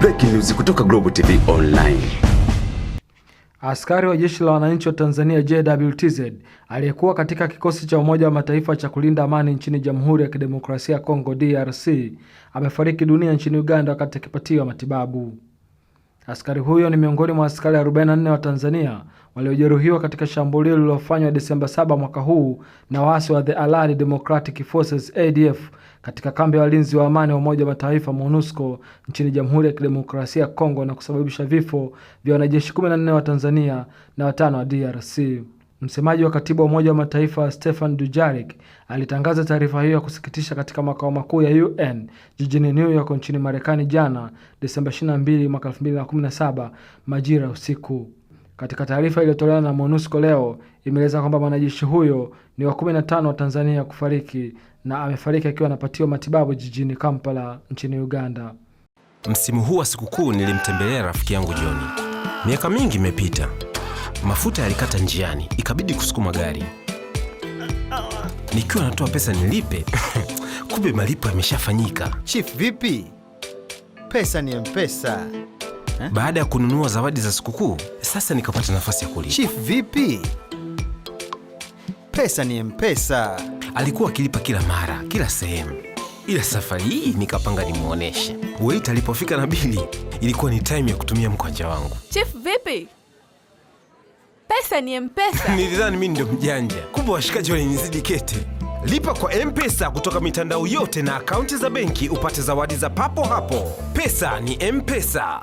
breaking news kutoka Global TV Online. Askari wa jeshi la wananchi wa Tanzania JWTZ aliyekuwa katika kikosi cha Umoja wa Mataifa cha kulinda amani nchini Jamhuri ya Kidemokrasia ya Kongo DRC amefariki dunia nchini Uganda wakati akipatiwa matibabu. Askari huyo ni miongoni mwa askari 44 wa Tanzania waliojeruhiwa katika shambulio lililofanywa Desemba 7 mwaka huu na waasi wa The Allied Democratic Forces ADF katika kambi ya walinzi wa amani wa Umoja wa Mataifa MONUSCO nchini Jamhuri ya Kidemokrasia ya Kongo na kusababisha vifo vya wanajeshi 14 wa Tanzania na watano wa DRC. Msemaji wa katibu wa Umoja wa Mataifa Stefan Dujarik alitangaza taarifa hiyo ya kusikitisha katika makao makuu ya UN jijini New York nchini Marekani jana Desemba 22 mwaka 2017 majira usiku. Katika taarifa iliyotolewa na MONUSCO leo imeeleza kwamba mwanajeshi huyo ni wa 15 wa Tanzania kufariki na amefariki akiwa anapatiwa matibabu jijini Kampala nchini Uganda. Msimu huu wa sikukuu nilimtembelea rafiki yangu Joni, miaka mingi imepita Mafuta yalikata njiani, ikabidi kusukuma gari. Nikiwa natoa pesa nilipe, kumbe malipo yameshafanyika. Chief vipi? Pesa ni mpesa. Eh? Baada ya kununua zawadi za sikukuu, sasa nikapata nafasi ya kulipa. Chief vipi? Pesa ni mpesa. Alikuwa akilipa kila mara, kila sehemu, ila safari hii nikapanga nimwoneshe. Wait alipofika na bili, ilikuwa ni time ya kutumia mkwanja wangu. Chief vipi? Pesa ni Mpesa. Nilidhani mimi ndio mjanja, kumbe washikaji walinizidi kete. Lipa kwa Mpesa kutoka mitandao yote na akaunti za benki upate zawadi za papo hapo. Pesa ni Mpesa.